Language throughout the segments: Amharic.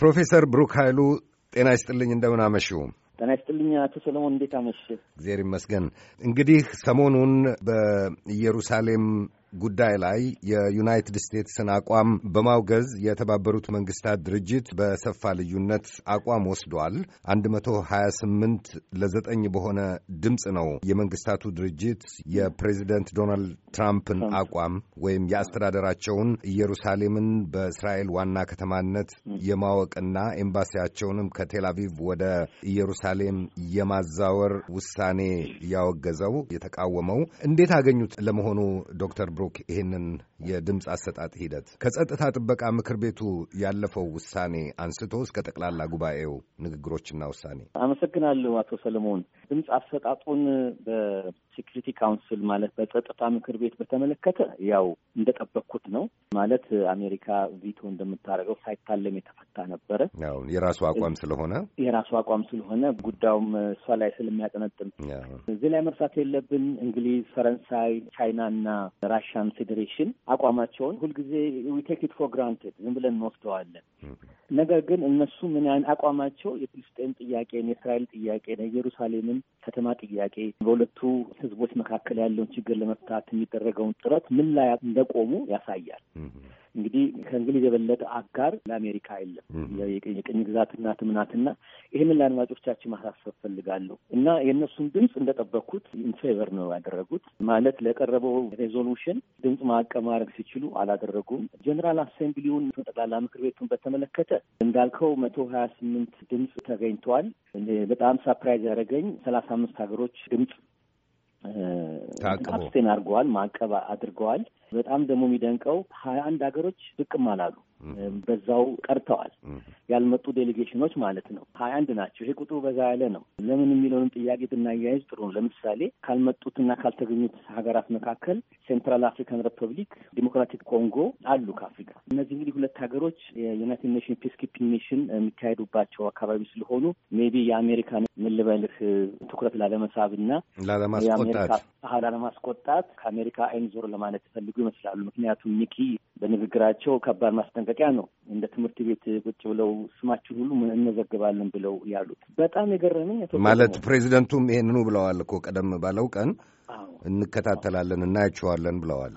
ፕሮፌሰር ብሩክ ኃይሉ ጤና ይስጥልኝ፣ እንደምን አመሹ? ጤና ይስጥልኝ አቶ ሰለሞን እንዴት አመሽ? እግዜር ይመስገን። እንግዲህ ሰሞኑን በኢየሩሳሌም ጉዳይ ላይ የዩናይትድ ስቴትስን አቋም በማውገዝ የተባበሩት መንግስታት ድርጅት በሰፋ ልዩነት አቋም ወስዷል። 128 ለዘጠኝ በሆነ ድምፅ ነው የመንግስታቱ ድርጅት የፕሬዚደንት ዶናልድ ትራምፕን አቋም ወይም የአስተዳደራቸውን ኢየሩሳሌምን በእስራኤል ዋና ከተማነት የማወቅና ኤምባሲያቸውንም ከቴላቪቭ ወደ ኢየሩሳሌም የማዛወር ውሳኔ ያወገዘው የተቃወመው እንዴት አገኙት ለመሆኑ ዶክተር ብሩክ ይህንን የድምፅ አሰጣጥ ሂደት ከጸጥታ ጥበቃ ምክር ቤቱ ያለፈው ውሳኔ አንስቶ እስከ ጠቅላላ ጉባኤው ንግግሮችና ውሳኔ። አመሰግናለሁ አቶ ሰለሞን። ድምፅ አሰጣጡን በሴኩሪቲ ካውንስል ማለት በጸጥታ ምክር ቤት በተመለከተ ያው እንደጠበቅኩት ነው። ማለት አሜሪካ ቪቶ እንደምታደርገው ሳይታለም የተፈታ ነበረ። የራሱ አቋም ስለሆነ የራሱ አቋም ስለሆነ ጉዳዩም እሷ ላይ ስለሚያጠነጥም እዚህ ላይ መርሳት የለብን እንግሊዝ፣ ፈረንሳይ፣ ቻይና እና ራሽ ሩሲያን ፌዴሬሽን አቋማቸውን ሁልጊዜ ቴክ ኢት ፎር ግራንትድ ዝም ብለን እንወስደዋለን። ነገር ግን እነሱ ምን ያን አቋማቸው የፍልስጤን ጥያቄን፣ የእስራኤል ጥያቄን፣ የኢየሩሳሌምን ከተማ ጥያቄ በሁለቱ ህዝቦች መካከል ያለውን ችግር ለመፍታት የሚደረገውን ጥረት ምን ላይ እንደቆሙ ያሳያል። እንግዲህ ከእንግሊዝ የበለጠ አጋር ለአሜሪካ የለም። የቅኝ ግዛትና ትምናትና ይህንን ለአድማጮቻችን ማሳሰብ ፈልጋለሁ እና የእነሱን ድምፅ እንደጠበኩት ኢንፌቨር ነው ያደረጉት። ማለት ለቀረበው ሬዞሉሽን ድምፅ ማዕቀብ ማድረግ ሲችሉ አላደረጉም። ጀኔራል አሴምብሊውን ጠቅላላ ምክር ቤቱን በተመለከተ እንዳልከው መቶ ሀያ ስምንት ድምፅ ተገኝተዋል። በጣም ሳፕራይዝ ያደረገኝ ሰላሳ አምስት ሀገሮች ድምፅ አብስቴን አድርገዋል፣ ማዕቀብ አድርገዋል። በጣም ደግሞ የሚደንቀው ሀያ አንድ ሀገሮች ብቅም አላሉ፣ በዛው ቀርተዋል። ያልመጡ ዴሌጌሽኖች ማለት ነው ሀያ አንድ ናቸው። ይሄ ቁጥሩ በዛ ያለ ነው። ለምን የሚለውንም ጥያቄ ብናያይዝ ጥሩ ነው። ለምሳሌ ካልመጡትና ካልተገኙት ሀገራት መካከል ሴንትራል አፍሪካን ሪፐብሊክ፣ ዲሞክራቲክ ኮንጎ አሉ ከአፍሪካ። እነዚህ እንግዲህ ሁለት ሀገሮች የዩናይትድ ኔሽን ፒስ ኪፒንግ ሚሽን የሚካሄዱባቸው አካባቢ ስለሆኑ ሜቢ የአሜሪካን ምልበልህ ትኩረት ላለመሳብ እና ለማስቆጣት ለማስቆጣት ከአሜሪካ አይን ዞር ለማለት ይፈልጉ ይመስላሉ። ምክንያቱም ኒኪ በንግግራቸው ከባድ ማስጠንቀቂያ ነው። እንደ ትምህርት ቤት ቁጭ ብለው ስማችን ሁሉ እንዘግባለን ብለው ያሉት በጣም የገረመኝ ማለት ፕሬዚደንቱም ይህንኑ ብለዋል እኮ ቀደም ባለው ቀን እንከታተላለን እናያቸዋለን ብለዋል።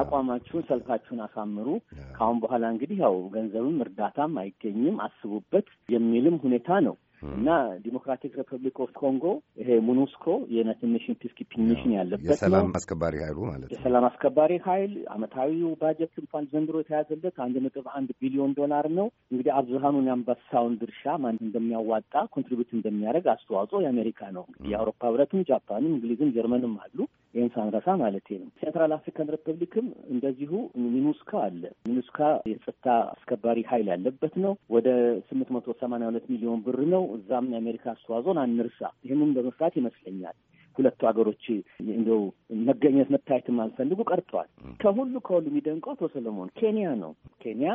አቋማችሁን፣ ሰልፋችሁን አሳምሩ። ከአሁን በኋላ እንግዲህ ያው ገንዘብም እርዳታም አይገኝም አስቡበት የሚልም ሁኔታ ነው እና ዲሞክራቲክ ሪፐብሊክ ኦፍ ኮንጎ ይሄ ሙኑስኮ የነትንሽን ፒስኪፒንግ ሚሽን ያለበት የሰላም አስከባሪ ኃይሉ ማለት ነው። የሰላም አስከባሪ ኃይል አመታዊው ባጀት እንኳን ዘንድሮ የተያዘለት አንድ ነጥብ አንድ ቢሊዮን ዶላር ነው። እንግዲህ አብዛሃኑን የአንበሳውን ድርሻ ማን እንደሚያዋጣ ኮንትሪቢዩት እንደሚያደርግ አስተዋጽኦ የአሜሪካ ነው። የአውሮፓ ህብረትም፣ ጃፓንም፣ እንግሊዝም ጀርመንም አሉ። ሳንረሳ ማለት ነው። ሴንትራል አፍሪካን ሪፐብሊክም እንደዚሁ ሚኑስካ አለ። ሚኑስካ የጸጥታ አስከባሪ ኃይል ያለበት ነው። ወደ ስምንት መቶ ሰማንያ ሁለት ሚሊዮን ብር ነው። እዛም የአሜሪካ አስተዋጽኦን አንርሳ። ይህንም በመስራት ይመስለኛል ሁለቱ ሀገሮች እንደው መገኘት መታየትም አልፈልጉ ቀርተዋል። ከሁሉ ከሁሉ የሚደንቀው አቶ ሰለሞን ኬንያ ነው። ኬንያ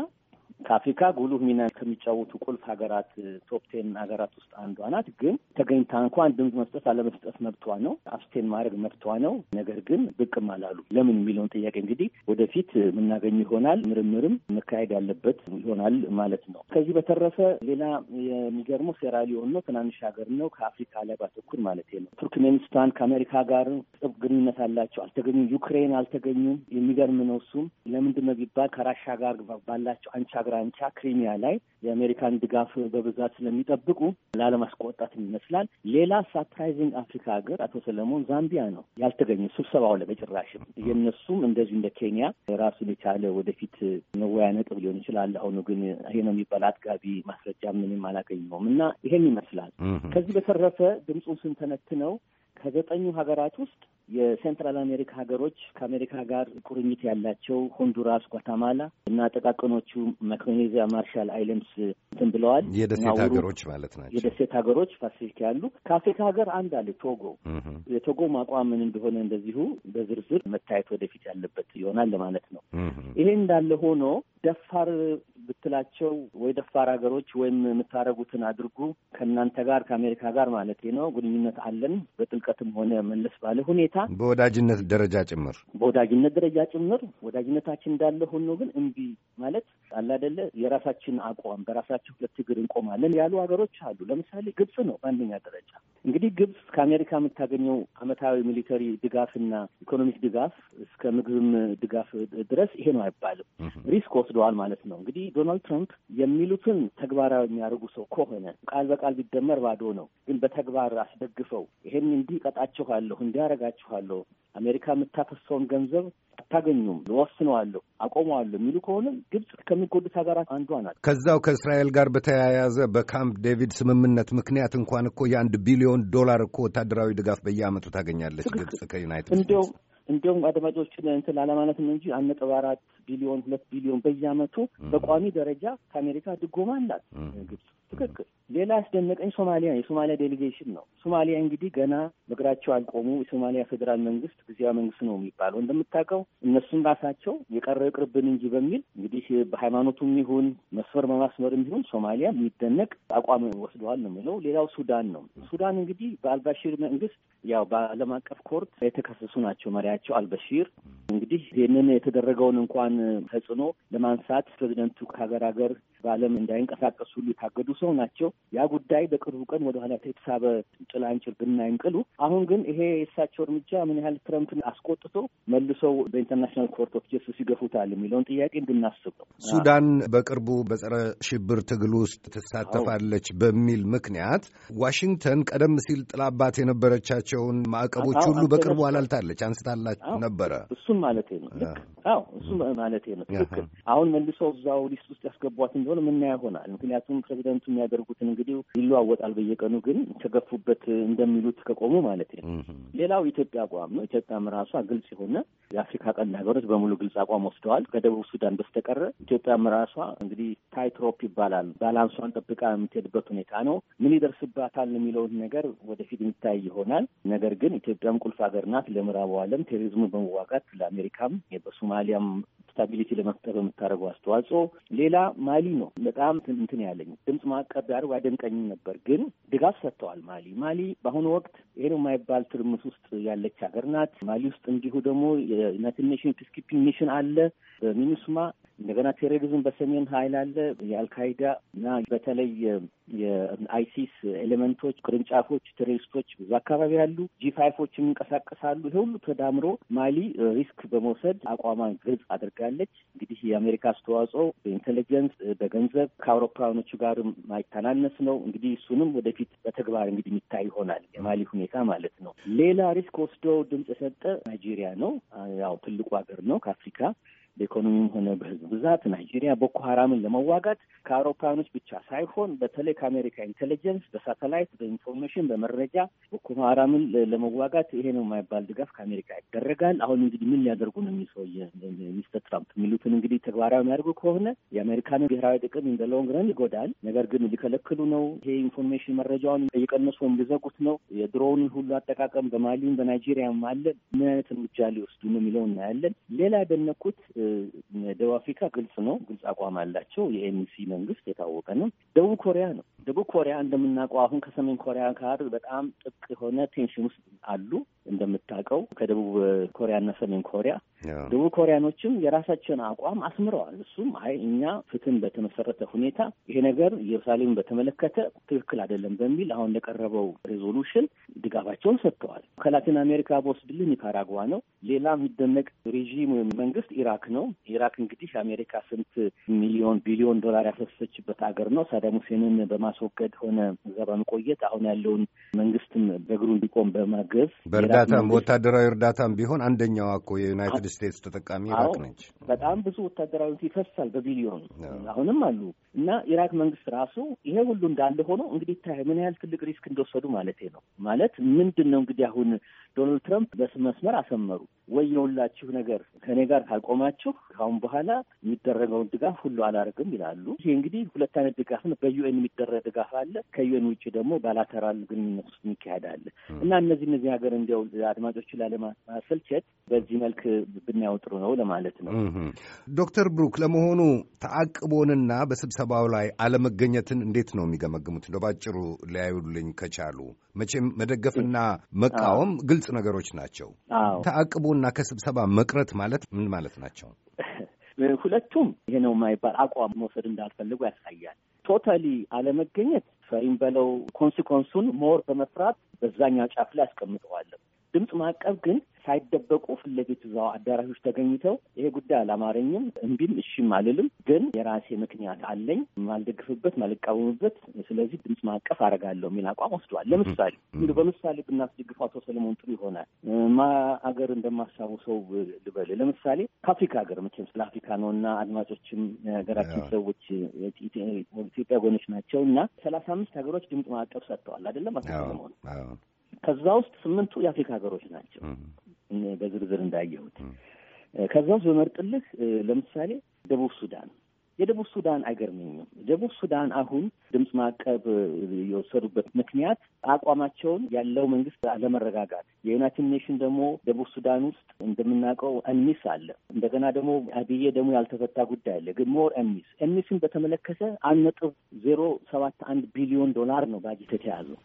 ከአፍሪካ ጉልህ ሚና ከሚጫወቱ ቁልፍ ሀገራት ቶፕቴን ሀገራት ውስጥ አንዷ ናት። ግን ተገኝታ እንኳን ድምፅ መስጠት አለመስጠት መብቷ ነው። አፍስቴን ማድረግ መብቷ ነው። ነገር ግን ብቅም አላሉ። ለምን የሚለውን ጥያቄ እንግዲህ ወደፊት የምናገኝ ይሆናል። ምርምርም መካሄድ ያለበት ይሆናል ማለት ነው። ከዚህ በተረፈ ሌላ የሚገርመው ሴራሊዮን ነው። ትናንሽ ሀገር ነው። ከአፍሪካ ላይ ባተኩር ማለት ነው። ቱርክሜኒስታን ከአሜሪካ ጋር ጥብቅ ግንኙነት አላቸው። አልተገኙም። ዩክሬን አልተገኙም። የሚገርም ነው። እሱም ለምንድን ነው ቢባል ከራሻ ጋር ባላቸው አንቻ አግራንቻ ክሪሚያ ላይ የአሜሪካን ድጋፍ በብዛት ስለሚጠብቁ ላለማስቆጣት ይመስላል። ሌላ ሳፕራይዚንግ አፍሪካ ሀገር አቶ ሰለሞን ዛምቢያ ነው ያልተገኘ ስብሰባው ላይ በጭራሽም። የእነሱም እንደዚሁ እንደ ኬንያ ራሱን የቻለ ወደፊት መወያ ነጥብ ሊሆን ይችላል። አሁኑ ግን ይሄ ነው የሚባል አጥጋቢ ማስረጃ ምንም አላገኘውም እና ይሄን ይመስላል። ከዚህ በተረፈ ድምፁን ስንተነትነው ከዘጠኙ ሀገራት ውስጥ የሴንትራል አሜሪካ ሀገሮች ከአሜሪካ ጋር ቁርኝት ያላቸው ሆንዱራስ፣ ጓታማላ እና ጥቃቅኖቹ ማክሮኔዚያ ማርሻል አይለንድስ እንትን ብለዋል። የደሴት ሀገሮች ማለት ናቸው። የደሴት ሀገሮች ፓሲፊክ ያሉ ከአፍሪካ ሀገር አንድ አለ ቶጎ። የቶጎ ማቋም ምን እንደሆነ እንደዚሁ በዝርዝር መታየት ወደፊት ያለበት ይሆናል ለማለት ነው። ይሄ እንዳለ ሆኖ ደፋር ብትላቸው ወይ ደፋር ሀገሮች ወይም የምታደርጉትን አድርጉ ከእናንተ ጋር ከአሜሪካ ጋር ማለት ነው ግንኙነት አለን በጥልቀትም ሆነ መለስ ባለ ሁኔታ በወዳጅነት ደረጃ ጭምር በወዳጅነት ደረጃ ጭምር ወዳጅነታችን እንዳለ ሆኖ ግን እምቢ ማለት አላደለ የራሳችን አቋም በራሳችን ሁለት እግር እንቆማለን ያሉ ሀገሮች አሉ። ለምሳሌ ግብጽ ነው በአንደኛ ደረጃ እንግዲህ ግብጽ ከአሜሪካ የምታገኘው አመታዊ ሚሊተሪ ድጋፍና ኢኮኖሚክ ድጋፍ እስከ ምግብም ድጋፍ ድረስ ይሄ ነው አይባልም። ሪስክ ወስደዋል ማለት ነው እንግዲህ ዶናልድ ትራምፕ የሚሉትን ተግባራዊ የሚያደርጉ ሰው ከሆነ ቃል በቃል ቢደመር ባዶ ነው። ግን በተግባር አስደግፈው ይሄን እንዲህ እቀጣችኋለሁ፣ እንዲህ አደርጋችኋለሁ፣ አሜሪካ የምታፈሰውን ገንዘብ አታገኙም፣ ወስነዋለሁ፣ አቆመዋለሁ የሚሉ ከሆነ ግብጽ ከሚጎዱት ሀገራት አንዷ ናት። ከዛው ከእስራኤል ጋር በተያያዘ በካምፕ ዴቪድ ስምምነት ምክንያት እንኳን እኮ የአንድ ቢሊዮን ዶላር እኮ ወታደራዊ ድጋፍ በየአመቱ ታገኛለች ግብጽ ከዩናይትድ ስቴትስ። እንዲሁም አድማጮችን እንትን አለማለትም እንጂ አንድ ነጥብ አራት ቢሊዮን ሁለት ቢሊዮን በየአመቱ በቋሚ ደረጃ ከአሜሪካ ድጎማ አላት ግብጽ። ትክክል። ሌላ ያስደነቀኝ ሶማሊያ የሶማሊያ ዴሊጌሽን ነው። ሶማሊያ እንግዲህ ገና በእግራቸው አልቆሙ። የሶማሊያ ፌዴራል መንግስት ጊዜያዊ መንግስት ነው የሚባለው እንደምታውቀው። እነሱም ራሳቸው የቀረው ይቅርብን እንጂ በሚል እንግዲህ በሃይማኖቱም ይሁን መስመር በማስመርም ይሁን ሶማሊያ የሚደነቅ አቋም ወስደዋል ነው የሚለው። ሌላው ሱዳን ነው። ሱዳን እንግዲህ በአልባሺር መንግስት ያው በዓለም አቀፍ ኮርት የተከሰሱ ናቸው መሪያቸው አልበሺር። እንግዲህ ይህንን የተደረገውን እንኳን ተጽዕኖ ለማንሳት ፕሬዚደንቱ ከሀገር ሀገር በዓለም እንዳይንቀሳቀሱ ሁሉ የታገዱ ሰው ናቸው። ያ ጉዳይ በቅርቡ ቀን ወደ ኋላ የተሳበ ጭላንጭር ብናይንቅሉ አሁን ግን ይሄ የእሳቸው እርምጃ ምን ያህል ትረምፕን አስቆጥቶ መልሰው በኢንተርናሽናል ኮርት ኦፍ ጀስቲስ ይገፉታል የሚለውን ጥያቄ እንድናስብ ነው። ሱዳን በቅርቡ በጸረ ሽብር ትግል ውስጥ ትሳተፋለች በሚል ምክንያት ዋሽንግተን ቀደም ሲል ጥላባት የነበረቻቸውን ማዕቀቦች ሁሉ በቅርቡ አላልታለች፣ አንስታላች ነበረ። እሱም ማለት ነው። አዎ እሱ ማለት ነው። ትክክል። አሁን መልሶ እዛው ሊስት ውስጥ ያስገቧት እንደሆነ ምናያ ይሆናል። ምክንያቱም ፕሬዚደንቱ የሚያደርጉትን እንግዲህ ይለዋወጣል በየቀኑ ግን ተገፉበት እንደሚሉት ከቆሙ ማለት ነው። ሌላው ኢትዮጵያ አቋም ነው። ኢትዮጵያም ራሷ ግልጽ የሆነ የአፍሪካ ቀንድ ሀገሮች በሙሉ ግልጽ አቋም ወስደዋል ከደቡብ ሱዳን በስተቀረ። ኢትዮጵያም ራሷ እንግዲህ ታይትሮፕ ይባላል ባላንሷን ጠብቃ የምትሄድበት ሁኔታ ነው። ምን ይደርስባታል የሚለውን ነገር ወደፊት የሚታይ ይሆናል። ነገር ግን ኢትዮጵያም ቁልፍ ሀገር ናት ለምዕራቡ ዓለም ቴሮሪዝሙ በመዋጋት ለአሜሪካም በሶማሊያም ስታቢሊቲ ለመፍጠር በምታደርገው አስተዋጽኦ። ሌላ ማሊ ነው በጣም እንትን ያለኝ ድምፅ ማዕቀብ ቢያደርጉ ያደንቀኝ ነበር፣ ግን ድጋፍ ሰጥተዋል። ማሊ ማሊ በአሁኑ ወቅት ይሄ ነው የማይባል ትርምስ ውስጥ ያለች ሀገር ናት። ማሊ ውስጥ እንዲሁ ደግሞ የዩናይትድ ኔሽን ፒስኪፒንግ ሚሽን አለ በሚኒስማ እንደገና ቴሮሪዝም በሰሜን ሀይል አለ የአልካይዳ እና በተለይ የአይሲስ ኤሌመንቶች፣ ቅርንጫፎች፣ ቴሮሪስቶች ብዙ አካባቢ አሉ ጂ ፋይፎች የሚንቀሳቀሳሉ። ይሄ ሁሉ ተዳምሮ ማሊ ሪስክ በመውሰድ አቋሟን ግልጽ አድርጋለች። እንግዲህ የአሜሪካ አስተዋጽኦ በኢንቴሊጀንስ በገንዘብ ከአውሮፓውያኖቹ ጋርም ማይተናነስ ነው። እንግዲህ እሱንም ወደፊት በተግባር እንግዲህ የሚታይ ይሆናል። የማሊ ሁኔታ ማለት ነው። ሌላ ሪስክ ወስዶ ድምጽ የሰጠ ናይጄሪያ ነው። ያው ትልቁ ሀገር ነው ከአፍሪካ በኢኮኖሚም ሆነ በህዝብ ብዛት ናይጄሪያ ቦኮ ሀራምን ለመዋጋት ከአውሮፓውያኖች ብቻ ሳይሆን በተለይ ከአሜሪካ ኢንቴሊጀንስ፣ በሳተላይት፣ በኢንፎርሜሽን፣ በመረጃ ቦኮ ሀራምን ለመዋጋት ይሄ ነው የማይባል ድጋፍ ከአሜሪካ ይደረጋል። አሁን እንግዲህ ምን ሊያደርጉ ነው የሚሰውየ ሚስተር ትራምፕ የሚሉትን እንግዲህ ተግባራዊ የሚያደርጉ ከሆነ የአሜሪካን ብሔራዊ ጥቅም እንደ ሎንግ ረን ይጎዳል። ነገር ግን ሊከለክሉ ነው። ይሄ ኢንፎርሜሽን መረጃውን እየቀነሱ ሊዘጉት ነው። የድሮውን ሁሉ አጠቃቀም በማሊም በናይጄሪያም አለ። ምን አይነት እርምጃ ሊወስዱ ነው የሚለው እናያለን። ሌላ ያደነኩት ደቡብ አፍሪካ ግልጽ ነው፣ ግልጽ አቋም አላቸው። የኤንሲ መንግስት የታወቀ ነው። ደቡብ ኮሪያ ነው። ደቡብ ኮሪያ እንደምናውቀው አሁን ከሰሜን ኮሪያ ጋር በጣም ጥብቅ የሆነ ቴንሽን ውስጥ አሉ። እንደምታውቀው ከደቡብ ኮሪያና ሰሜን ኮሪያ ደቡብ ኮሪያኖችም የራሳቸውን አቋም አስምረዋል። እሱም አይ እኛ ፍትህን በተመሰረተ ሁኔታ ይሄ ነገር ኢየሩሳሌምን በተመለከተ ትክክል አይደለም በሚል አሁን ለቀረበው ሬዞሉሽን ድጋፋቸውን ሰጥተዋል። ከላቲን አሜሪካ በወስድልህ ኒካራጓ ነው። ሌላ የሚደነቅ ሬዥም ወይም መንግስት ኢራክ ነው። ኢራክ እንግዲህ አሜሪካ ስንት ሚሊዮን ቢሊዮን ዶላር ያፈሰሰችበት ሀገር ነው። ሳዳም ሁሴንን በማስወገድ ሆነ እዛ በመቆየት አሁን ያለውን መንግስትም በእግሩ እንዲቆም በማገዝ በእርዳታም ወታደራዊ እርዳታም ቢሆን አንደኛው እኮ የዩናይትድ ስቴትስ ተጠቃሚ ኢራቅ ነች። በጣም ብዙ ወታደራዊ ይፈሳል በቢሊዮን አሁንም አሉ እና ኢራቅ መንግስት ራሱ ይሄ ሁሉ እንዳለ ሆኖ እንግዲህ ታ ምን ያህል ትልቅ ሪስክ እንደወሰዱ ማለት ነው። ማለት ምንድን ነው እንግዲህ አሁን ዶናልድ ትራምፕ መስመር አሰመሩ ወይ የሁላችሁ ነገር ከእኔ ጋር ካልቆማችሁ ካሁን በኋላ የሚደረገውን ድጋፍ ሁሉ አላርግም ይላሉ። ይሄ እንግዲህ ሁለት አይነት ድጋፍ ነው። በዩኤን የሚደረግ ድጋፍ አለ። ከዩኤን ውጭ ደግሞ ባላተራል ግንኙነት ውስጥ የሚካሄድ አለ እና እነዚህ እነዚህ ሀገር እንዲያው አድማጮቹ ላለማሰልቸት በዚህ መልክ ብናየው ጥሩ ነው ለማለት ነው። ዶክተር ብሩክ ለመሆኑ ተአቅቦንና በስብሰባው ላይ አለመገኘትን እንዴት ነው የሚገመግሙት? እንደ ባጭሩ ሊያዩልኝ ከቻሉ መቼም መደገፍና መቃወም ግልጽ ነገሮች ናቸው። ተአቅቦና ከስብሰባ መቅረት ማለት ምን ማለት ናቸው? ሁለቱም ይሄ ነው የማይባል አቋም መውሰድ እንዳልፈልጉ ያሳያል። ቶታሊ አለመገኘት ፈሪም በለው ኮንሲኮንሱን ሞር በመፍራት በዛኛው ጫፍ ላይ አስቀምጠዋለሁ። ድምፅ ማቀብ ግን ሳይደበቁ ፊት ለፊት እዛው አዳራሾች ተገኝተው ይሄ ጉዳይ አላማረኝም እምቢም እሺም አልልም፣ ግን የራሴ ምክንያት አለኝ ማልደግፍበት፣ ማልቃወምበት፣ ስለዚህ ድምፅ ማቀፍ አደርጋለሁ የሚል አቋም ወስደዋል። ለምሳሌ እንዲ በምሳሌ ብናስደግፈው አቶ ሰለሞን ጥሩ ይሆናል። ማ አገር እንደማሳቡ ሰው ልበል። ለምሳሌ ከአፍሪካ ሀገር መቼም ስለ አፍሪካ ነው እና አድማጮችም የሀገራችን ሰዎች ኢትዮጵያ ጎኖች ናቸው እና ሰላሳ አምስት ሀገሮች ድምፅ ማቀፍ ሰጥተዋል አይደለም አቶ ሰለሞን ከዛ ውስጥ ስምንቱ የአፍሪካ ሀገሮች ናቸው። በዝርዝር እንዳየሁት። ከዛ ውስጥ በመርጥልህ ለምሳሌ ደቡብ ሱዳን የደቡብ ሱዳን አይገርመኝም። ደቡብ ሱዳን አሁን ድምፅ ማዕቀብ የወሰዱበት ምክንያት አቋማቸውን ያለው መንግስት አለመረጋጋት፣ የዩናይትድ ኔሽን ደግሞ ደቡብ ሱዳን ውስጥ እንደምናውቀው እሚስ አለ። እንደገና ደግሞ አብዬ ደግሞ ያልተፈታ ጉዳይ አለ። ግን ሞር እሚስ እሚስን በተመለከተ አንድ ነጥብ ዜሮ ሰባት አንድ ቢሊዮን ዶላር ነው ባጀት የተያዘው።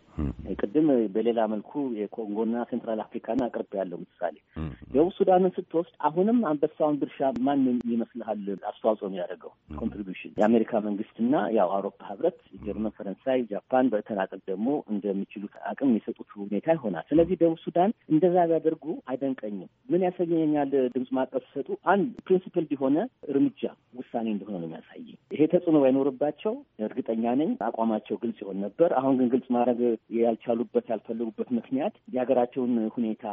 ቅድም በሌላ መልኩ የኮንጎና ሴንትራል አፍሪካና አቅርብ ያለው ምሳሌ ደቡብ ሱዳንን ስትወስድ አሁንም አንበሳውን ድርሻ ማን ይመስልሃል አስተዋጽኦ የሚያደርገው ኮንትሪቢሽን የአሜሪካ መንግስትና ያው አውሮፓ ህብረት፣ ጀርመን፣ ፈረንሳይ፣ ጃፓን በተናጠል ደግሞ እንደሚችሉት አቅም የሚሰጡት ሁኔታ ይሆናል። ስለዚህ ደቡብ ሱዳን እንደዛ ቢያደርጉ አይደንቀኝም። ምን ያሳየኛል? ድምፅ ማቀፍ ሲሰጡ አንድ ፕሪንሲፕል የሆነ እርምጃ ውሳኔ እንደሆነ ነው የሚያሳይ። ይሄ ተጽዕኖ ባይኖርባቸው እርግጠኛ ነኝ አቋማቸው ግልጽ ይሆን ነበር። አሁን ግን ግልጽ ማድረግ ያልቻሉበት ያልፈለጉበት ምክንያት የሀገራቸውን ሁኔታ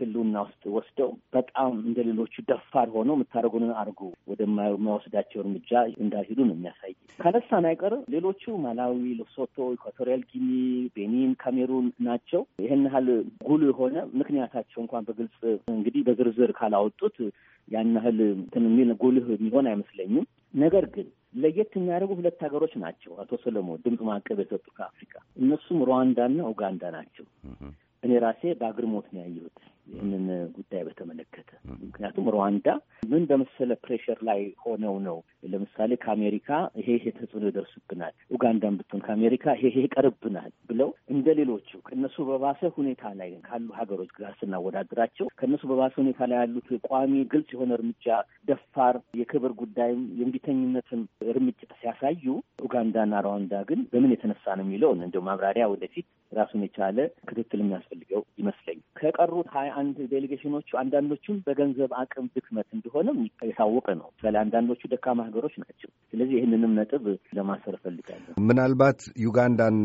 ህልውና ውስጥ ወስደው በጣም እንደ ሌሎቹ ደፋር ሆነው የምታደርጉንን አድርጉ ወደማይወስዳቸው እርምጃ እንዳልሄዱ ነው የሚያሳይ። ካነሳን አይቀር ሌሎቹ ማላዊ፣ ሎሶቶ፣ ኢኳቶሪያል ጊኒ፣ ቤኒን፣ ካሜሩን ናቸው። ይህን ያህል ጉሉ የሆነ ምክንያታቸው እንኳን በግልጽ እንግዲህ በዝርዝር ካላወጡት ያን ያህል እንትን የሚል ጉልህ የሚሆን አይመስለኝም። ነገር ግን ለየት የሚያደርጉ ሁለት ሀገሮች ናቸው። አቶ ሰለሞን ድምፅ ማዕቀብ የሰጡ ከአፍሪካ እነሱም ሩዋንዳና ኡጋንዳ ናቸው። እኔ ራሴ በአግርሞት ነው ያየሁት። ይህንን ጉዳይ በተመለከተ ምክንያቱም ሩዋንዳ ምን በመሰለ ፕሬሽር ላይ ሆነው ነው። ለምሳሌ ከአሜሪካ ይሄ ይሄ ተጽዕኖ ይደርሱብናል ኡጋንዳን ብትሆን ከአሜሪካ ይሄ ይሄ ይቀርብናል ብለው እንደ ሌሎቹ ከእነሱ በባሰ ሁኔታ ላይ ካሉ ሀገሮች ጋር ስናወዳድራቸው ከእነሱ በባሰ ሁኔታ ላይ ያሉት ቋሚ ግልጽ የሆነ እርምጃ ደፋር የክብር ጉዳይም የእምቢተኝነትም እርምጃ ሲያሳዩ ኡጋንዳና ሩዋንዳ ግን በምን የተነሳ ነው የሚለውን እንደው ማብራሪያ ወደፊት ራሱን የቻለ ክትትል የሚያስፈልገው ይመስለኝ ከቀሩት ሀያ አንድ ዴሌጌሽኖቹ አንዳንዶቹም በገንዘብ አቅም ድክመት እንደሆነም የታወቀ ነው። አንዳንዶቹ ደካማ ሀገሮች ናቸው። ስለዚህ ይህንንም ነጥብ ለማሰር እፈልጋለሁ። ምናልባት ዩጋንዳን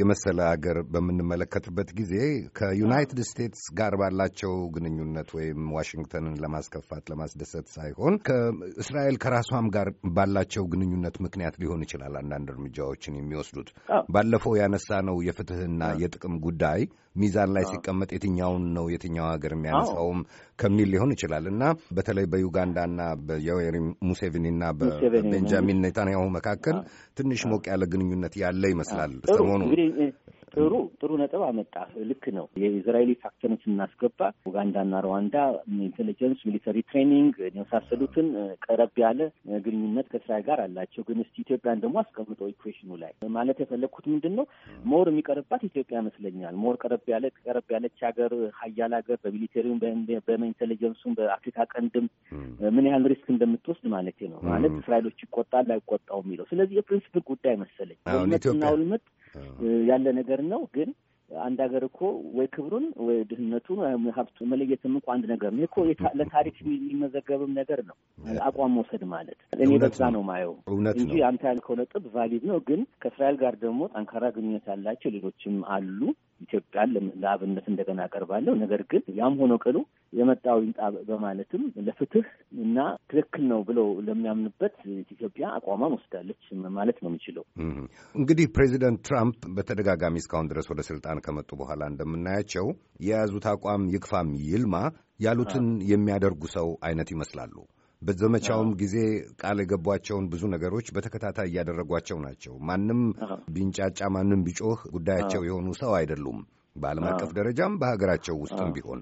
የመሰለ ሀገር በምንመለከትበት ጊዜ ከዩናይትድ ስቴትስ ጋር ባላቸው ግንኙነት ወይም ዋሽንግተንን ለማስከፋት ለማስደሰት ሳይሆን ከእስራኤል ከራሷም ጋር ባላቸው ግንኙነት ምክንያት ሊሆን ይችላል አንዳንድ እርምጃዎችን የሚወስዱት ባለፈው ያነሳ ነው የፍትህና የጥቅም ጉዳይ ሚዛን ላይ ሲቀመጥ የትኛውን ነው የትኛው ሀገር የሚያነሳውም ከሚል ሊሆን ይችላል እና በተለይ በዩጋንዳና በዮዌሪ ሙሴቪኒና በቤንጃሚን ኔታንያሁ መካከል ትንሽ ሞቅ ያለ ግንኙነት ያለ ይመስላል ሰሞኑን ጥሩ ጥሩ ነጥብ አመጣ። ልክ ነው። የእስራኤል ፋክተርን ስናስገባ ኡጋንዳና ሩዋንዳ ኢንቴሊጀንስ፣ ሚሊተሪ ትሬኒንግ የመሳሰሉትን ቀረብ ያለ ግንኙነት ከእስራኤል ጋር አላቸው። ግን እስቲ ኢትዮጵያን ደግሞ አስቀምጠው ኢኩዌሽኑ ላይ ማለት የፈለግኩት ምንድን ነው ሞር የሚቀርባት ኢትዮጵያ ይመስለኛል። ሞር ቀረብ ያለ ቀረብ ያለች ሀገር ሀያል ሀገር በሚሊተሪም በኢንቴሊጀንሱም በአፍሪካ ቀንድም ምን ያህል ሪስክ እንደምትወስድ ማለት ነው። ማለት እስራኤሎች ይቆጣል አይቆጣው የሚለው ስለዚህ የፕሪንስፕል ጉዳይ መሰለኝ ልመትና ውልመት ያለ ነገር ነው ግን አንድ ሀገር እኮ ወይ ክብሩን ወይ ድህነቱ ሀብቱ መለየትም እኮ አንድ ነገር ነው እኮ ለታሪክ የሚመዘገብም ነገር ነው። አቋም መውሰድ ማለት እኔ በዛ ነው ማየው እንጂ አንተ ያልከው ነጥብ ቫሊድ ነው። ግን ከእስራኤል ጋር ደግሞ ጠንካራ ግንኙነት ያላቸው ሌሎችም አሉ። ኢትዮጵያን ለአብነት እንደገና አቀርባለሁ። ነገር ግን ያም ሆኖ ቅሉ የመጣው ይምጣ በማለትም ለፍትህ እና ትክክል ነው ብለው ለሚያምንበት ኢትዮጵያ አቋሟን ወስዳለች ማለት ነው የምችለው። እንግዲህ ፕሬዚደንት ትራምፕ በተደጋጋሚ እስካሁን ድረስ ወደ ስልጣን ስልጣን ከመጡ በኋላ እንደምናያቸው የያዙት አቋም ይክፋም ይልማ ያሉትን የሚያደርጉ ሰው አይነት ይመስላሉ። በዘመቻውም ጊዜ ቃል የገቧቸውን ብዙ ነገሮች በተከታታይ እያደረጓቸው ናቸው። ማንም ቢንጫጫ፣ ማንም ቢጮህ ጉዳያቸው የሆኑ ሰው አይደሉም። በዓለም አቀፍ ደረጃም በሀገራቸው ውስጥም ቢሆን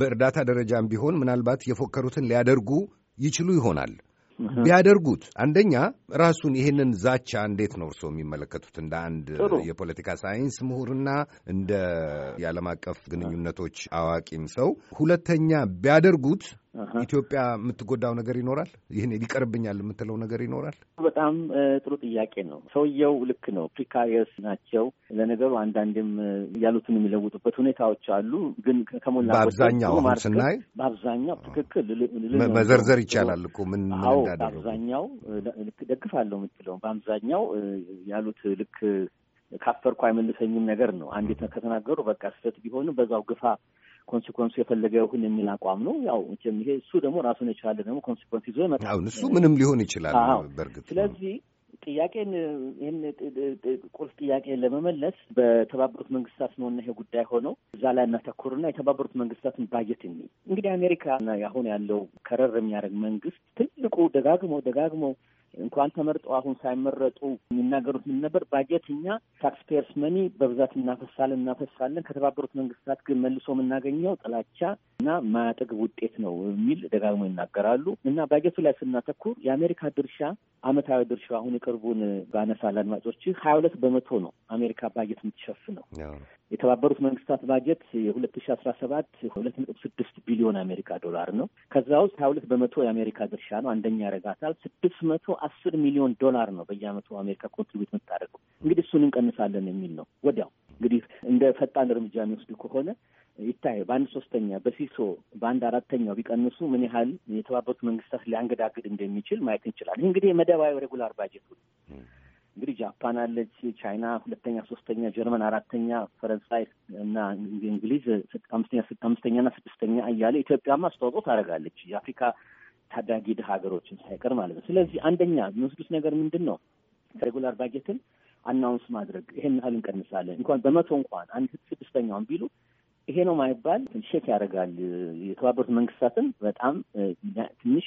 በእርዳታ ደረጃም ቢሆን ምናልባት የፎከሩትን ሊያደርጉ ይችሉ ይሆናል። ቢያደርጉት አንደኛ ራሱን ይህንን ዛቻ እንዴት ነው እርስዎ የሚመለከቱት? እንደ አንድ የፖለቲካ ሳይንስ ምሁርና እንደ የዓለም አቀፍ ግንኙነቶች አዋቂም ሰው ሁለተኛ ቢያደርጉት ኢትዮጵያ የምትጎዳው ነገር ይኖራል? ይህን ሊቀርብኛል የምትለው ነገር ይኖራል? በጣም ጥሩ ጥያቄ ነው። ሰውየው ልክ ነው። ፕሪካሪየስ ናቸው። ለነገሩ አንዳንድም ያሉትን የሚለውጡበት ሁኔታዎች አሉ። ግን ከሞላ በአብዛኛው አሁን ስናይ በአብዛኛው ትክክል መዘርዘር ይቻላል እኮ ምን እንዳደረጉ በአብዛኛው ደግፋለሁ የምትለው በአብዛኛው ያሉት ልክ ካፈርኩ አይመልሰኝም ነገር ነው። አንዴት ከተናገሩ በቃ ስህተት ቢሆንም በዛው ግፋ ኮንሲኮንሱ የፈለገ ይሁን የሚል አቋም ነው። ያው ይሄ እሱ ደግሞ ራሱን የቻለ ደግሞ ኮንሲኮንስ ይዞ ይመጣል። እሱ ምንም ሊሆን ይችላል። በእርግጥ ስለዚህ ጥያቄን ይህን ቁልፍ ጥያቄ ለመመለስ በተባበሩት መንግስታት ነው እና ይሄ ጉዳይ ሆነው እዛ ላይ እናተኩርና የተባበሩት መንግስታትን ባጀት የሚል እንግዲህ አሜሪካ አሁን ያለው ከረር የሚያደርግ መንግስት ትልቁ ደጋግሞ ደጋግሞ እንኳን ተመርጦ አሁን ሳይመረጡ የሚናገሩት ምን ነበር? ባጀት እኛ ታክስ መኒ በብዛት እናፈሳለን እናፈሳለን፣ ከተባበሩት መንግስታት ግን መልሶ የምናገኘው ጥላቻ እና ማያጠግብ ውጤት ነው የሚል ደጋግሞ ይናገራሉ። እና ባጀቱ ላይ ስናተኩር የአሜሪካ ድርሻ አመታዊ ድርሻ አሁን የቅርቡን ባነሳ ለአድማጮች ሀያ ሁለት በመቶ ነው አሜሪካ ባጀት የምትሸፍነው የተባበሩት መንግስታት ባጀት የሁለት ሺ አስራ ሰባት ሁለት ነጥብ ስድስት ቢሊዮን አሜሪካ ዶላር ነው። ከዛ ውስጥ ሀያ ሁለት በመቶ የአሜሪካ ድርሻ ነው። አንደኛ ያደርጋታል። ስድስት መቶ አስር ሚሊዮን ዶላር ነው በየአመቱ አሜሪካ ኮንትሪቢዩት የምታደርገው። እንግዲህ እሱን እንቀንሳለን የሚል ነው። ወዲያው እንግዲህ እንደ ፈጣን እርምጃ የሚወስዱ ከሆነ ይታይ በአንድ ሶስተኛ በሲሶ በአንድ አራተኛው ቢቀንሱ ምን ያህል የተባበሩት መንግስታት ሊያንገዳግድ እንደሚችል ማየት እንችላለን። እንግዲህ የመደባዊ ሬጉላር ባጀት። እንግዲህ ጃፓን አለች፣ ቻይና ሁለተኛ፣ ሶስተኛ፣ ጀርመን አራተኛ፣ ፈረንሳይ እና እንግሊዝ አምስተኛ እና ስድስተኛ እያለ ኢትዮጵያም አስተዋጽኦ ታደርጋለች የአፍሪካ ታዳጊ ድሃ ሀገሮችን ሳይቀር ማለት ነው። ስለዚህ አንደኛ የሚወስዱት ነገር ምንድን ነው? ሬጉላር ባጀትን አናውንስ ማድረግ ይሄን ያህል እንቀንሳለን እንኳን በመቶ እንኳን አንድ ስድስተኛውን ቢሉ ይሄ ነው ማይባል ሼክ ያደርጋል። የተባበሩት መንግስታትን በጣም ትንሽ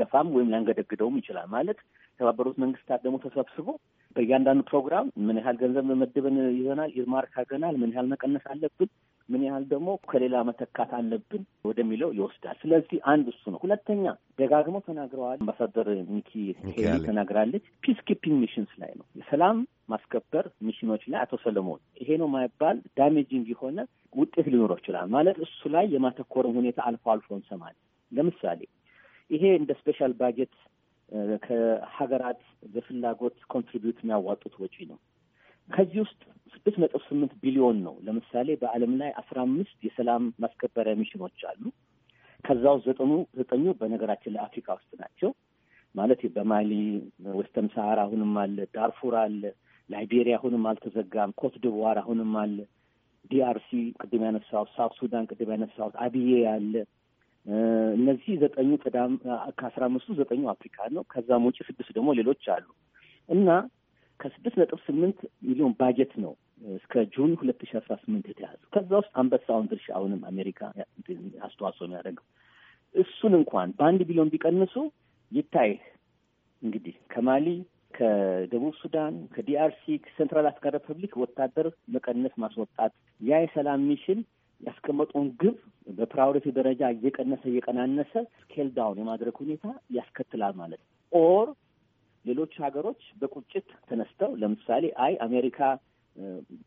ገፋም ወይም ሊያንገደግደውም ይችላል ማለት የተባበሩት መንግስታት ደግሞ ተሰብስቦ በእያንዳንዱ ፕሮግራም ምን ያህል ገንዘብ መመደበን ይዘናል፣ ኢርማርክ አድርገናል፣ ምን ያህል መቀነስ አለብን፣ ምን ያህል ደግሞ ከሌላ መተካት አለብን ወደሚለው ይወስዳል። ስለዚህ አንድ እሱ ነው። ሁለተኛ ደጋግሞ ተናግረዋል። አምባሳደር ኒኪ ሄሊ ተናግራለች። ፒስ ኪፒንግ ሚሽንስ ላይ ነው የሰላም ማስከበር ሚሽኖች ላይ አቶ ሰለሞን ይሄ ነው የማይባል ዳሜጂንግ የሆነ ውጤት ሊኖረው ይችላል ማለት እሱ ላይ የማተኮርም ሁኔታ አልፎ አልፎ እንሰማለን። ለምሳሌ ይሄ እንደ ስፔሻል ባጀት ከሀገራት በፍላጎት ኮንትሪቢዩት የሚያዋጡት ወጪ ነው። ከዚህ ውስጥ ስድስት ነጥብ ስምንት ቢሊዮን ነው። ለምሳሌ በዓለም ላይ አስራ አምስት የሰላም ማስከበሪያ ሚሽኖች አሉ። ከዛ ውስጥ ዘጠኑ ዘጠኙ በነገራችን ላይ አፍሪካ ውስጥ ናቸው። ማለት በማሊ ወስተን ሰሃራ አሁንም አለ፣ ዳርፉር አለ፣ ላይቤሪያ አሁንም አልተዘጋም፣ ኮት ድቡዋር አሁንም አለ፣ ዲአርሲ ቅድም ያነሳሁት፣ ሳውት ሱዳን ቅድም ያነሳሁት፣ አብዬ አለ፣ እነዚህ ዘጠኙ ቀዳም ከአስራ አምስቱ ዘጠኙ አፍሪካን ነው። ከዛም ውጭ ስድስት ደግሞ ሌሎች አሉ እና ከስድስት ነጥብ ስምንት ሚሊዮን ባጀት ነው እስከ ጁን ሁለት ሺ አስራ ስምንት የተያዙ ከዛ ውስጥ አንበሳውን ድርሻ አሁንም አሜሪካ አስተዋጽኦ የሚያደርገው እሱን እንኳን በአንድ ቢሊዮን ቢቀንሱ ይታይ እንግዲህ ከማሊ ከደቡብ ሱዳን ከዲአርሲ ከሴንትራል አፍሪካ ሪፐብሊክ ወታደር መቀነስ ማስወጣት ያ የሰላም ሚሽን ያስቀመጠውን ግብ በፕራዮሪቲ ደረጃ እየቀነሰ እየቀናነሰ ስኬል ዳውን የማድረግ ሁኔታ ያስከትላል ማለት ነው። ኦር ሌሎች ሀገሮች በቁጭት ተነስተው ለምሳሌ አይ አሜሪካ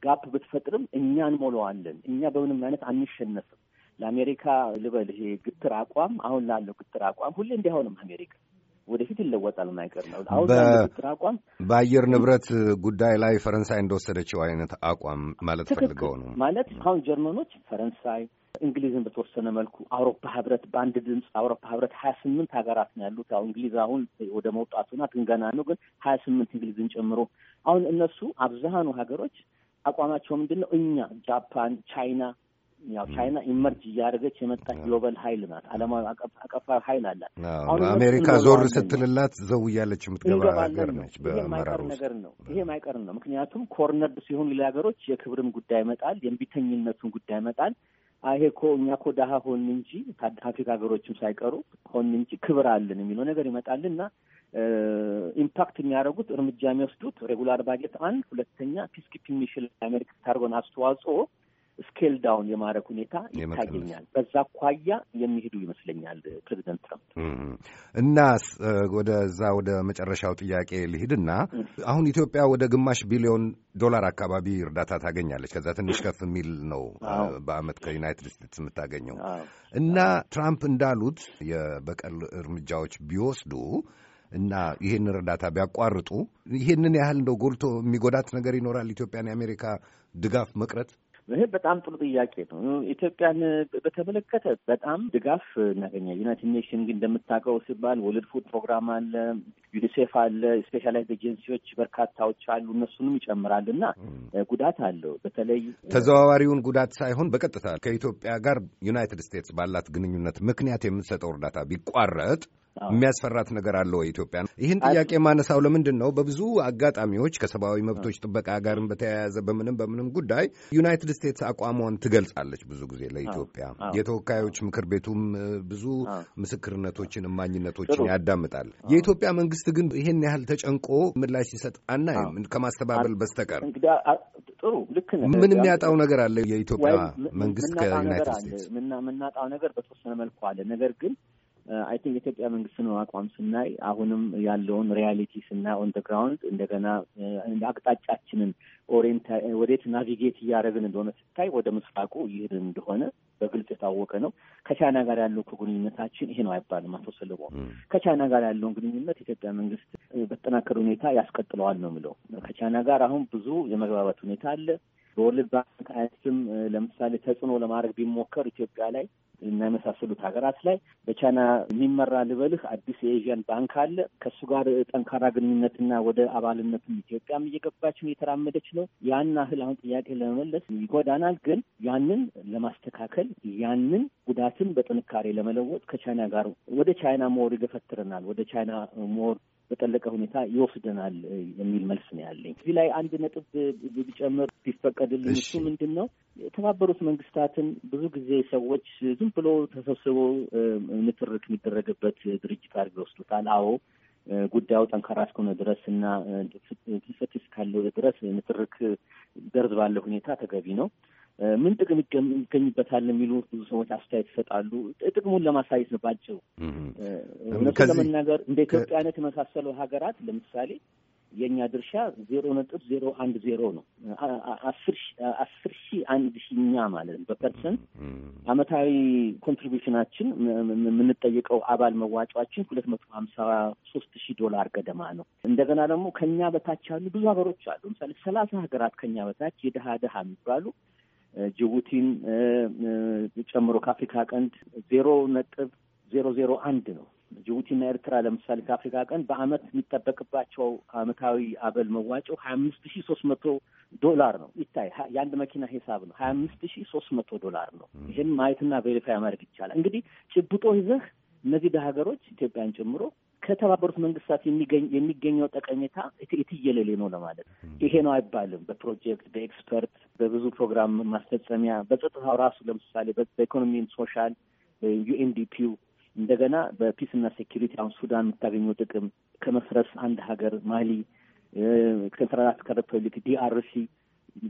ጋፕ ብትፈጥርም እኛ እንሞላዋለን፣ እኛ በምንም አይነት አንሸነፍም፣ ለአሜሪካ ልበል ይሄ ግትር አቋም አሁን ላለው ግትር አቋም ሁሌ እንዲያውንም አሜሪካ ወደፊት ይለወጣል ማይቀር ነው። አሁን አቋም በአየር ንብረት ጉዳይ ላይ ፈረንሳይ እንደወሰደችው አይነት አቋም ማለት ፈልገው ነው ማለት አሁን ጀርመኖች ፈረንሳይ እንግሊዝን በተወሰነ መልኩ አውሮፓ ህብረት በአንድ ድምፅ አውሮፓ ህብረት ሀያ ስምንት ሀገራት ነው ያሉት። አሁን እንግሊዝ አሁን ወደ መውጣቱና ትንገና ነው፣ ግን ሀያ ስምንት እንግሊዝን ጨምሮ አሁን እነሱ አብዛሃኑ ሀገሮች አቋማቸው ምንድን ነው? እኛ ጃፓን፣ ቻይና ያው ቻይና ኢመርጅ እያደረገች የመጣ ግሎባል ሀይል ናት። አለማዊ አቀፋዊ ሀይል አላት። አሜሪካ ዞር ስትልላት ዘው እያለች የምትገባ ሀገር ነች። በመራር ነገር ነው ይሄ የማይቀር ነው። ምክንያቱም ኮርነርድ ሲሆኑ ሌላ ሀገሮች የክብርም ጉዳይ ይመጣል፣ የእምቢተኝነቱን ጉዳይ ይመጣል። ይሄ እኮ እኛ እኮ ደሀ ሆን እንጂ ከአፍሪካ ሀገሮችም ሳይቀሩ ሆን እንጂ ክብር አለን የሚለው ነገር ይመጣል ይመጣልና ኢምፓክት የሚያደርጉት እርምጃ የሚወስዱት ሬጉላር ባጀት አንድ፣ ሁለተኛ ፒስኪፒንግ ሚሽን አሜሪካ ታርጎን አስተዋጽኦ ስኬል ዳውን የማድረግ ሁኔታ ይታየኛል። በዛ አኳያ የሚሄዱ ይመስለኛል ፕሬዚደንት ትራምፕ። እናስ ወደዛ ወደ መጨረሻው ጥያቄ ልሂድና አሁን ኢትዮጵያ ወደ ግማሽ ቢሊዮን ዶላር አካባቢ እርዳታ ታገኛለች። ከዛ ትንሽ ከፍ የሚል ነው በአመት ከዩናይትድ ስቴትስ የምታገኘው እና ትራምፕ እንዳሉት የበቀል እርምጃዎች ቢወስዱ እና ይህንን እርዳታ ቢያቋርጡ ይህንን ያህል እንደው ጎልቶ የሚጎዳት ነገር ይኖራል ኢትዮጵያን የአሜሪካ ድጋፍ መቅረት ይሄ በጣም ጥሩ ጥያቄ ነው። ኢትዮጵያን በተመለከተ በጣም ድጋፍ እናገኛለን። ዩናይትድ ኔሽን ግን እንደምታውቀው ሲባል ወልድ ፉድ ፕሮግራም አለ፣ ዩኒሴፍ አለ፣ ስፔሻላይዝ ኤጀንሲዎች በርካታዎች አሉ። እነሱንም ይጨምራል እና ጉዳት አለው። በተለይ ተዘዋዋሪውን ጉዳት ሳይሆን በቀጥታ ከኢትዮጵያ ጋር ዩናይትድ ስቴትስ ባላት ግንኙነት ምክንያት የምትሰጠው እርዳታ ቢቋረጥ የሚያስፈራት ነገር አለው ኢትዮጵያ። ይህን ጥያቄ ማነሳው ለምንድን ነው? በብዙ አጋጣሚዎች ከሰብአዊ መብቶች ጥበቃ ጋርም በተያያዘ በምንም በምንም ጉዳይ ዩናይትድ ስቴትስ አቋሟን ትገልጻለች ብዙ ጊዜ ለኢትዮጵያ። የተወካዮች ምክር ቤቱም ብዙ ምስክርነቶችን፣ እማኝነቶችን ያዳምጣል። የኢትዮጵያ መንግስት ግን ይህን ያህል ተጨንቆ ምላሽ ሲሰጥ አናይም ከማስተባበል በስተቀር። ጥሩ ልክ ነህ። ምን የሚያጣው ነገር አለ የኢትዮጵያ መንግስት ከዩናይትድ ስቴትስ? ምናጣው ነገር በተወሰነ መልኩ አለ ነገር ግን አይ ቲንክ የኢትዮጵያ ነው አቋም ስናይ አሁንም ያለውን ሪያሊቲ ስና ኦን ደ ግራውንድ እንደገና አቅጣጫችንን ወዴት ናቪጌት እያደረግን እንደሆነ ስታይ ወደ ምስራቁ ይሄድን እንደሆነ በግልጽ የታወቀ ነው። ከቻይና ጋር ያለው ግንኙነታችን ይሄ ነው አይባልም። አቶ ሰለሞን ከቻይና ጋር ያለውን ግንኙነት የኢትዮጵያ መንግስት በተጠናከረ ሁኔታ ያስቀጥለዋል ነው የሚለው። ከቻይና ጋር አሁን ብዙ የመግባባት ሁኔታ አለ። በወርልድ ባንክ አይነትም ለምሳሌ ተጽዕኖ ለማድረግ ቢሞከር ኢትዮጵያ ላይ እና የመሳሰሉት ሀገራት ላይ በቻይና የሚመራ ልበልህ አዲስ የኤዥያን ባንክ አለ። ከእሱ ጋር ጠንካራ ግንኙነትና ወደ አባልነትም ኢትዮጵያም እየገባች እየተራመደች ነው። ያን አህል አሁን ጥያቄ ለመመለስ ይጎዳናል፣ ግን ያንን ለማስተካከል ያንን ጉዳትን በጥንካሬ ለመለወጥ ከቻይና ጋር ወደ ቻይና ሞር ይገፈትረናል፣ ወደ ቻይና ሞር በጠለቀ ሁኔታ ይወስደናል የሚል መልስ ነው ያለኝ። እዚህ ላይ አንድ ነጥብ ብጨምር ቢፈቀድልኝ፣ እሱ ምንድን ነው የተባበሩት መንግስታትን ብዙ ጊዜ ሰዎች ዝም ብሎ ተሰብስቦ ንትርክ የሚደረግበት ድርጅት አድርገ ይወስዱታል። አዎ ጉዳዩ ጠንካራ እስከሆነ ድረስ እና ፍሰት እስካለው ድረስ ንትርክ ደርዝ ባለ ሁኔታ ተገቢ ነው። ምን ጥቅም ይገኝበታል የሚሉ ብዙ ሰዎች አስተያየት ይሰጣሉ። ጥቅሙን ለማሳየት ነው ባጭሩ። እነሱ ለመናገር እንደ ኢትዮጵያ አይነት የመሳሰሉ ሀገራት ለምሳሌ የእኛ ድርሻ ዜሮ ነጥብ ዜሮ አንድ ዜሮ ነው። አስር ሺ አንድ ሺኛ ማለት ነው በፐርሰንት አመታዊ ኮንትሪቢሽናችን የምንጠይቀው አባል መዋጫችን ሁለት መቶ ሀምሳ ሶስት ሺ ዶላር ገደማ ነው። እንደገና ደግሞ ከኛ በታች ያሉ ብዙ ሀገሮች አሉ። ለምሳሌ ሰላሳ ሀገራት ከኛ በታች የድሃ ድሃ የሚባሉ ጅቡቲን ጨምሮ ከአፍሪካ ቀንድ ዜሮ ነጥብ ዜሮ ዜሮ አንድ ነው ጅቡቲና ኤርትራ ለምሳሌ ከአፍሪካ ቀን በአመት የሚጠበቅባቸው አመታዊ አበል መዋጮ ሀያ አምስት ሺ ሶስት መቶ ዶላር ነው። ይታይ የአንድ መኪና ሂሳብ ነው። ሀያ አምስት ሺ ሶስት መቶ ዶላር ነው። ይህን ማየትና ቬሪፋይ ማድረግ ይቻላል። እንግዲህ ጭብጦ ይዘህ እነዚህ ሀገሮች ኢትዮጵያን ጨምሮ ከተባበሩት መንግስታት የሚገኘው ጠቀሜታ የትየለሌ ነው ለማለት ይሄ ነው አይባልም። በፕሮጀክት በኤክስፐርት በብዙ ፕሮግራም ማስፈጸሚያ በጸጥታው ራሱ ለምሳሌ በኢኮኖሚን ሶሻል ዩኤንዲፒው እንደገና በፒስና ሴኪሪቲ አሁን ሱዳን የምታገኘው ጥቅም ከመፍረስ አንድ ሀገር ማሊ፣ ሴንትራል አፍሪካ ሪፐብሊክ ዲአርሲ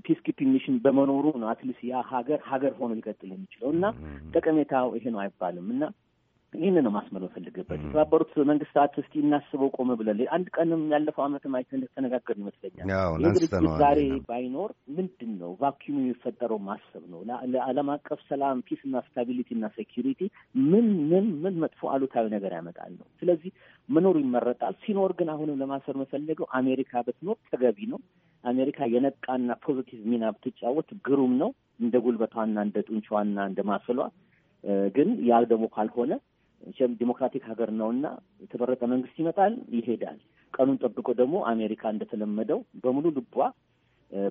ፒስ ኪፒንግ ሚሽን በመኖሩ ነው አትሊስት ያ ሀገር ሀገር ሆኖ ሊቀጥል የሚችለው እና ጠቀሜታው ይሄ ነው አይባልም እና ይህን ነው ማስመር የምፈልግበት። የተባበሩት መንግስታት እስቲ እናስበው ቆመ ብለን አንድ ቀንም ያለፈው ዓመትም አይ እንደተነጋገር ይመስለኛል። ዛሬ ባይኖር ምንድን ነው ቫኪሙ የሚፈጠረው ማሰብ ነው። ለዓለም አቀፍ ሰላም ፒስ እና ስታቢሊቲ እና ሴኪሪቲ ምን ምን ምን መጥፎ አሉታዊ ነገር ያመጣል ነው። ስለዚህ መኖሩ ይመረጣል። ሲኖር ግን አሁንም ለማሰር መፈለገው አሜሪካ ብትኖር ተገቢ ነው። አሜሪካ የነቃና ፖዚቲቭ ሚና ብትጫወት ግሩም ነው። እንደ ጉልበቷና እንደ ጡንቻዋና እንደ ማስሏ ግን ያ ደግሞ ካልሆነ መቼም ዲሞክራቲክ ሀገር ነውና የተመረጠ መንግስት ይመጣል፣ ይሄዳል። ቀኑን ጠብቆ ደግሞ አሜሪካ እንደተለመደው በሙሉ ልቧ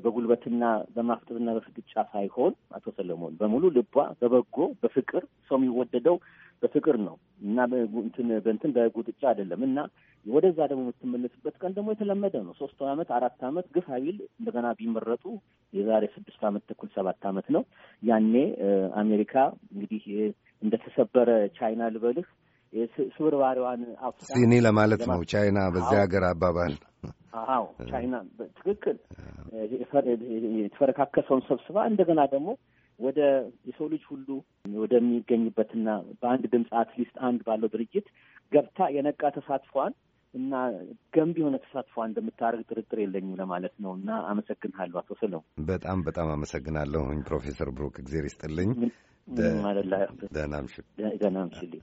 በጉልበትና በማፍጠጥና በፍጥጫ ሳይሆን አቶ ሰለሞን በሙሉ ልቧ በበጎ በፍቅር ሰው የሚወደደው በፍቅር ነው እና እንትን በእንትን በጉጥጫ አይደለም እና ወደዛ ደግሞ የምትመለስበት ቀን ደግሞ የተለመደ ነው። ሶስት አመት አራት አመት ግፍ ሀቢል እንደገና ቢመረጡ የዛሬ ስድስት አመት ተኩል ሰባት አመት ነው። ያኔ አሜሪካ እንግዲህ እንደተሰበረ ቻይና ልበልህ ስብርባሪዋን አፍሪካ ሲኒ ለማለት ነው። ቻይና በዚያ ሀገር አባባል አዎ፣ ቻይና ትክክል የተፈረካከሰውን ሰብስባ እንደገና ደግሞ ወደ የሰው ልጅ ሁሉ ወደሚገኝበትና በአንድ ድምፅ አትሊስት አንድ ባለው ድርጅት ገብታ የነቃ ተሳትፏን እና ገንቢ የሆነ ተሳትፏ እንደምታደርግ ጥርጥር የለኝም ለማለት ነው። እና አመሰግንሃለሁ አቶ ስለው በጣም በጣም አመሰግናለሁኝ ፕሮፌሰር ብሩክ እግዜር ይስጥልኝ። ደህና እምሽልኝ።